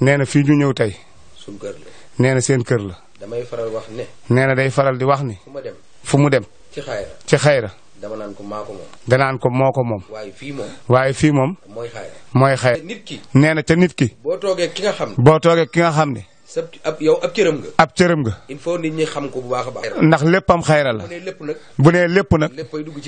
nee na fii ñu ñëw tey. suñu kër na seen kër la. damay faral wax ne. nee na day faral di wax ni. fu mu dem. ci xayra ci xayra. dama naan ko danaan ko moo ko moom. waaye fii moom. fii moom. mooy xayra. mooy xayra. nit ki. nee na ca nit ki. boo toogee ki nga xam. boo toogee ki nga xam ni sab ab yow ab cërëm nga. ko bu baax a baax. ndax léppam xayra la. bu nee lépp na bu nee lépp nag.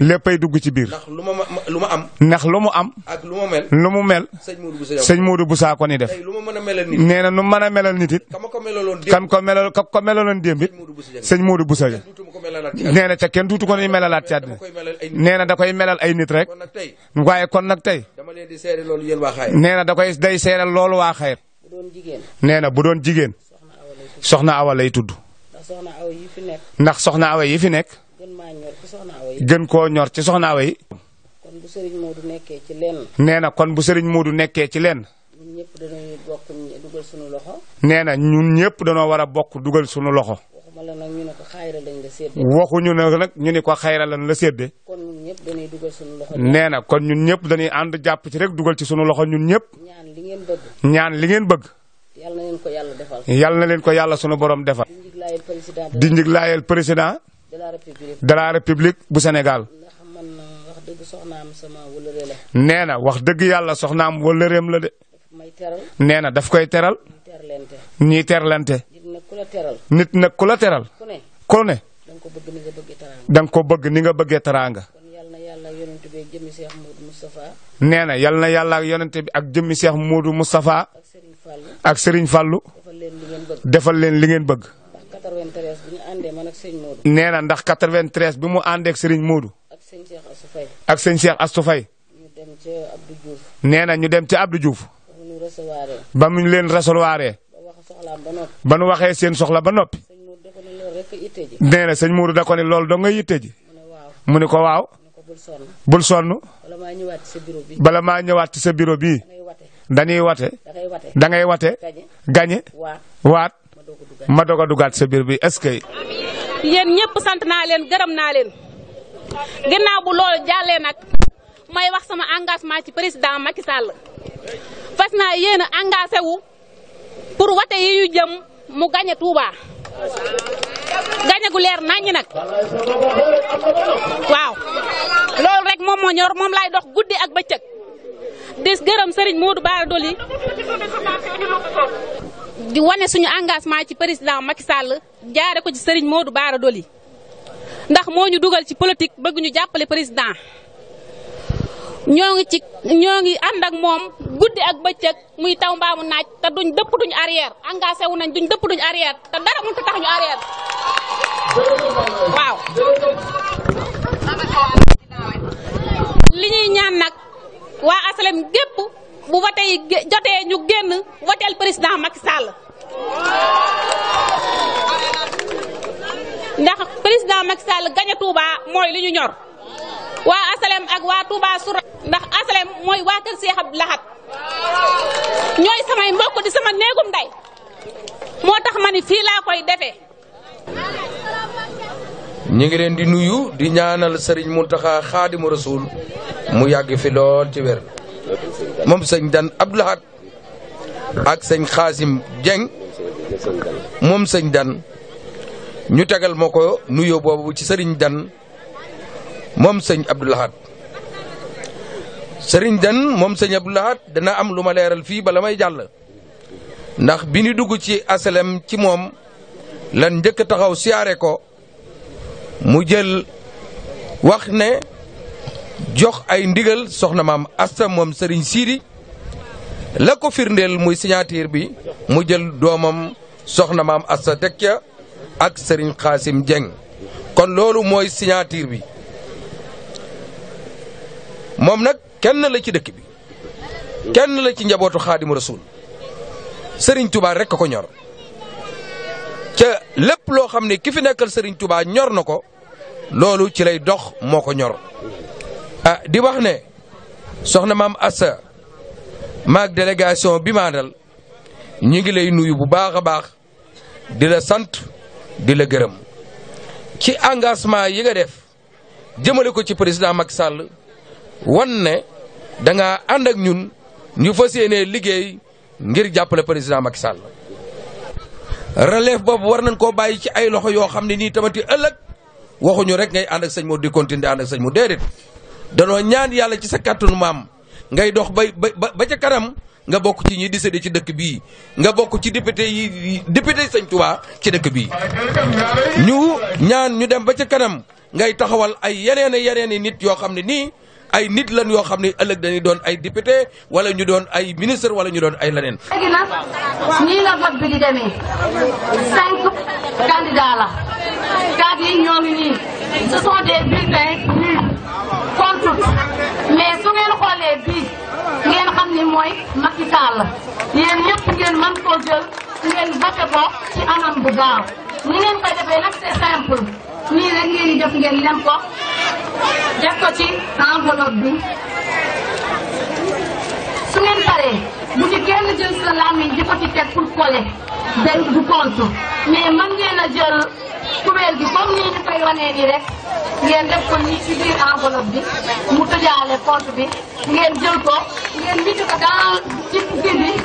léppay dugg ci biir ndax lu lu ma am. ndax lu mu am. ak lu ma mel. lu mu mel. sëñ Modou Boussa ko ni def. lu ma mën a melal nit nee na nu mën a melal nit it. kam ko melaloon démb kam ko melal kam ko melaloon démb it. sëñ Modou Boussa na ca duutu ko ni melalaat ci àddina. nee da koy melal ay nit rek. waaye kon nag tey. nee da koy day seeral loolu waa xayr nee na bu doon jigéen soxna awa lay tudd ndax soxna awa yi fi nekk gën koo ñor ci soxna awa yi na kon bu sëriñ du nekkee ci leen nee na ñun ñëpp danoo war a bokk dugal sunu loxo waxuñu nag ñu ne ko xayra la sédde nee na kon ñun ñëpp dañuy ànd jàpp ci rek dugal ci sunu loxo ñun ñëpp. ñaan li ngeen bëgg. ñaan yal na leen ko yàlla defal. yal na sunu borom defal. di njiglaayal président. de la république de la bu Sénégal. nee na wax dëgg yàlla soxnaam wëllëreem la de. nee na daf koy teral. ñiy terlante. nit nag ku la teral. ku ne. da ko bëgg ni nga bëggee teraanga. beeg nee na yal na yàlla ak bi ak jëmmi seex Moodu Moustapha. ak Serigne Fallou defal leen li ngeen bëgg. defal ndax 93 bi ñu na ndax 93 bi mu àndee sëriñ Serigne Moodu. ak sëñ Cheikh Astou Faye. ak ñu dem ca Abdou Diouf. nee na ñu dem ca Abdou Diouf. ba mu recevoir. ba mu leen recevoir. ba nu waxee seen soxla ba noppi. nee na sëñ da ko ne loolu dong nga yitte mu ne ko waaw. bul sonn bala maa ñëwaat ci sa bureau bii dañuy wate da wate gañe waat ma doog a dugaat sa bureau bi est-ce que. sant naa leen gërëm naa leen ginnaaw bu loolu jàllee nag may wax sama engagement ci président Macky fas naa yéen a pour wate yi yu jëm mu gañe Touba gañe gu leer naññi nag waaw. ma ñor moom laay dox guddi ak bëccëg di gërëm Serigne Modou Bara Doli di wane suñu engagement ci président Macky Sall jaare ko ci Serigne moo du Doli ndax moo ñu dugal ci politique bëgg ñu jàppale président ñoo ngi ci ñoo ngi ànd ak moom guddi ak bëccëg muy taw mbaamu naaj te duñ dëpp duñ arrière engagé wu nañ duñ dëpp duñ arrière te dara mënut a tax ñu arrière waaw. li ñuy ñaan nag waa asalem gépp bu vote jotee ñu génn voteel président Macky ndax président Macky gañe Touba mooy li ñu ñor waa asalem ak waa Touba sur ndax asalem mooy waa kër Cheikh Abdou Lahad ñooy samay mbokk di sama néegum nday moo tax ma ni fii koy defee ñi ngi leen di nuyu di ñaanal Serigne Mountakha Khadimu Rasoul mu yàgg fi lool ci wér moom sëñ Dan Abdou ak sëñ Xaasim Dieng moom sëñ Dan ñu tegal ma ko nuyoo boobu ci sëriñ Dan moom sëñ Abdou Lahad moom sëñ dana am lu ma leeral fii bala may jàll ndax bi ñu dugg ci asalem ci moom lan njëkk taxaw siyaare ko mu jël wax ne jox ay ndigal soxna maam Asta moom sëriñ Sidi la ko firndeel muy signature bi mu jël doomam soxna maam Asta teg ca ak Serigne Xaasim Dieng kon loolu mooy signature bi moom nag kenn la ci dëkk bi kenn la ci njabootu xaadimu rasul sëriñ Touba rek ko ñor ca lépp loo xam ne ki fi nekkal Serigne Touba ñor na ko loolu ci lay dox moo ko ñor a ah, di wax ne soxna maam Assa maag délégation bi ma dal ñu ngi lay nuyu bu baax a baax di la sant di la gërëm ci engagement yi nga def jëmale ko ci président Macky sàll wan ne da ànd ak ñun ñu fas yéenee liggéey ngir jàppale président Macky sàll relève boobu war nañ koo bàyyi ci ay loxo yoo xam ne nii tamati ëllëg waxuñu rek ngay ànd ak sëñ moo di continuer ànd ak sëñ Modou déedéet danoo ñaan yàlla ci sa kàttanu maam ngay dox ba ba ba ca kanam nga bokk ci ñi di séddee ci dëkk bii nga bokk ci député yi député sañ Tuubaa ci dëkk bii ñu ñaan ñu dem ba ca kanam ngay taxawal ay yeneen yeneen nit yoo xam ne nii ay nit lan yoo xam ne ëllëg dañuy doon ay député wala ñu doon ay ministre wala ñu doon ay leneen. léegi nii la vote bi di demee cinq candidats la yéen ngeen mën koo jël ngeen voté ko ci anam bu gaaw ni ngeen koy defee nag c'est simple nii ngeen di def ci enveloppe bi su ngeen paree bu ci kenn jël sa làmmiñ di ci teg pour coller day du compte mais mën a jël kubéel bi comme nii ñu koy rek ngeen def ko nii ci biir enveloppe bi mu tëjaale compte bi ngeen jël ko ngeen mujj ko dans ci bi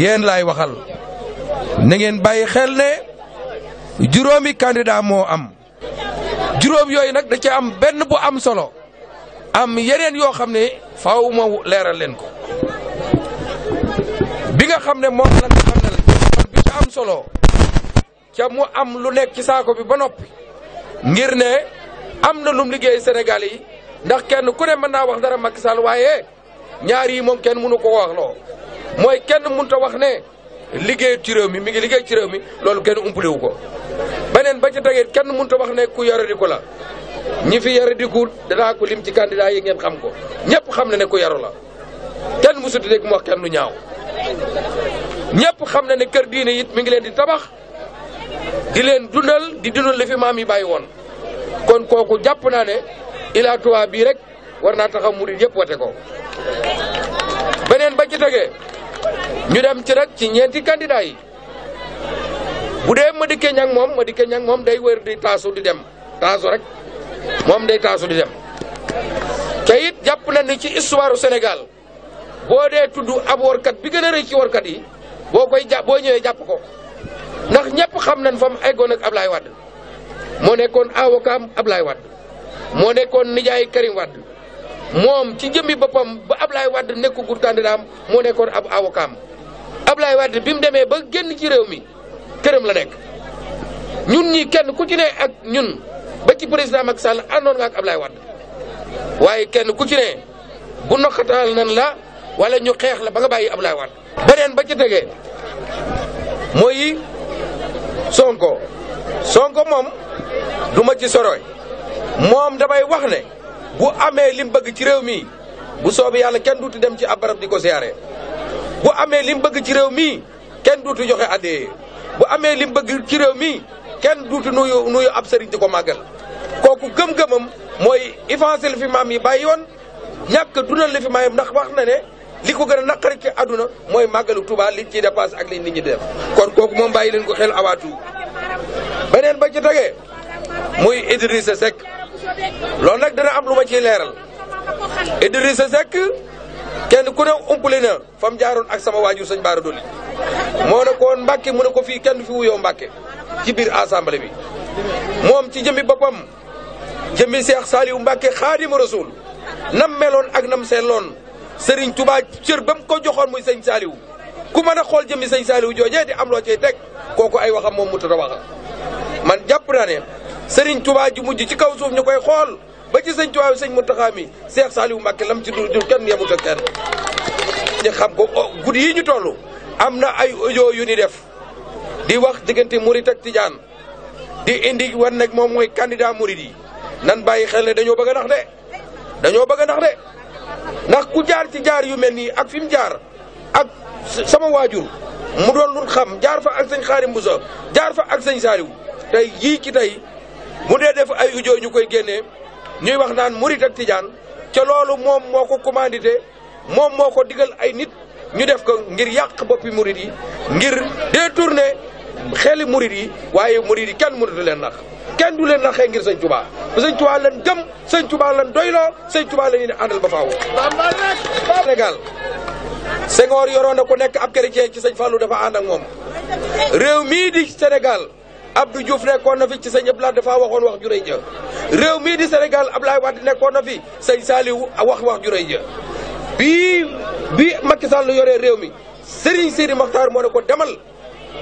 yéen laay waxal na ngeen bàyyi xel ne juróomi candidat moo am juróom yooyu nag da ci am benn bu am solo am yeneen yoo xam ne faaw ma leeral leen ko bi nga xam ne moom lañ xamal bi ci am solo ca mu am lu nekk ci saako bi ba noppi ngir ne am na lum liggéey senegal yi ndax kenn ku ne mën naa wax dara Macky Sall waaye ñaar yi moom kenn mënu ko wax loo mooy kenn mënut a wax ne liggéey ci réew mi mi ngi liggéey ci réew mi loolu kenn umpale wu ko. beneen ba ci tegee kenn mënut a wax ne ku yore di ko la ñi fi yore di danaa ko lim ci candidat yi ngeen xam ko ñëpp xam na ne ku yaru la kenn mësut a dégg mu wax kenn lu ñaaw ñëpp xam na ne kër diine it mi ngi leen di tabax di leen dundal di dundal li fi maam yi bàyyi woon kon kooku jàpp naa ne Ila Touba bii rek war naa taxaw murid yëpp wate ko beneen ba ci ñu dem ci rek ci ñeenti candidat yi bu dee ma Madické Niang moom ma Madické Niang moom day wër di taasu di dem taasu rek moom day taasu di dem te it jàpp na ni ci histoire Sénégal boo dee tudd ab warkat bi gën a rëy ci warkat yi boo koy jàpp boo ñëwee jàpp ko ndax ñëpp xam nañ fa mu eggoon ak Ablaye Wade moo nekkoon avocat Ablaye Wade moo nekkoon nijaay Karim Wade moom ci jëmmi boppam ba Ablaye Wade nekkagul candidat am moo nekkoon ab avocat am Ablaye Wade bi mu demee ba génn ci réew mi këram la nekk ñun ñi kenn ku ci ne ak ñun ba ci président Macky Sall àndoon nga ak Ablaye waaye kenn ku ci ne bu noqataal nan la wala ñu xeex la ba nga bàyyi Ablaye Wade beneen ba ci tegee mooy Sonko Sonko moom du ma ci soroy moom damay wax ne bu amee lim bëgg ci réew mi bu soobee yàlla kenn duutu dem ci ab barab di ko siyaare bu amee lim bëgg ci réew mi kenn duutu joxe addee bu amee lim bëgg ci réew mi kenn duutu nuyu nuyu ab sëriñ di ko màggal kooku gëm-gëmam mooy effacé li fi maam yi bàyyi woon ñàkk dundal li fi maam ndax wax na ne li ko gën a naqari ci àdduna mooy màggalu Tuubaa li ci dépasse ak li nit ñi def kon kooku moom bàyyi leen ko xel awaatu beneen ba ci tegee muy Idrissa Seck loolu nag dana am lu ma ci leeral Idrissa Seck kenn ku ne umpale na jaaroon ak sama waajur sañ Baara Doli moo ne ko woon mu ne ko fii kenn du fi wuyoo Mbàkke ci biir assemblée mi moom ci jëmmi boppam jëmmi Seex Saaliw Mbàkke Xaadimu Rasuul nam meloon ak nam seetloon sëriñ Touba cër ba mu ko joxoon muy sëñ Saaliw ku mën a xool jëmmi sëñ Saaliw joojee di am loo cay teg kooku ay waxam moom mu tudd waxa man jàpp naa ne Serigne Touba ji mujj ci kaw suuf ñu koy xool ba ci sëñ Touba sëñ Mountakha mi Cheikh Saliou Mbacké lam ci du du kenn yemut ak kenn ñu xam ko oh, guddi yi ñu toll am na ay audio yu ni def di wax diggante Murit ak Tijaan di indi wan nag moom mooy candidat Murit di nan bàyyi xel ne dañoo bëgg a nax de dañoo bëgg a nax de ndax ku jaar ci jaar yu mel nii ak fi mu jaar ak sama waajur mu doon lu xam jaar fa ak sëñ Xaadim Buso jaar fa ak sëñ Saaliw tey yii ci tey mu dee def ay ujo ñu koy génnee ñuy wax naan murit ak tijaan ca loolu moom moo ko commandité moom moo ko digal ay nit ñu def ko ngir yàq boppi murit yi ngir détourner xeli murit yi waaye murit yi kenn mënatu leen nax kenn du leen naxee ngir sëñ Tuubaa sëñ Tuubaa lan jëm sëñ Tuubaa lan doyloo sëñ Tuubaa la ñu ne àndal ba faaw Sénégal Senghor yoroon na ku nekk ab chrétien ci sëñ Fallou dafa ànd ak moom réew mii di senegal Abdou Diouf nekkoon na fi ci sëñ Abdoulaye dafa waxoon wax jurëy ja réew mii di Sénégal Abdoulaye Wade nekkoon na fi sëñ Saliou wax wax jurëy jë bii bi Macky Sall yoree réew mi Serigne Sidi Makhtar moo ne ko demal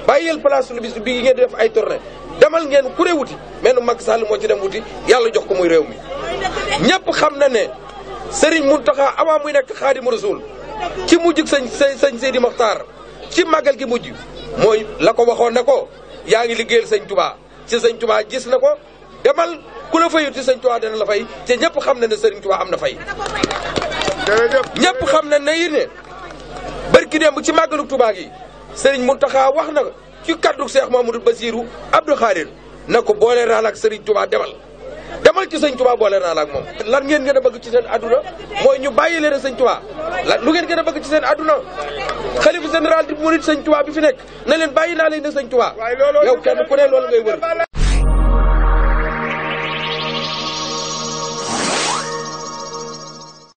bàyyil place lu bi ngeen di def ay tournée demal ngeen ku wuti mais nu Macky moo ci dem wuti yàlla jox ko muy réew mi ñëpp xam na ne sëriñ Serigne Mountakha avant muy nekk Xaadimu Rasuul ci mujj sëñ sëñ Sidi Makhtar ci màggal gi mujj mooy la ko waxoon ne ko yaa ngi liggéeyal sëñ tubaa ci sëñ tubaa gis na ko demal ku la fayu ci sëñ tubaa dana la fay te ñëpp xam na ne sëriñ tubaa am na fay ñëpp xam na ne yi ne barki démb ci màggalu tubaa gi sëriñ Muntaxa wax nag ci kaddu Seex Mamadu Basiiru Abdou Xaadir na ko boole raal ak sëriñ tubaa demal demal ci sëñ boole naa la moom lan ngeen gën a bëgg ci seen mooy ñu bàyyi leen sëñ Tuubaa lan ngeen gën a ci seen adduna xalifa di murit sëñ bi fi nekk na leen naa leen ne sëñ Tuubaa kenn ku ne loolu ngay wër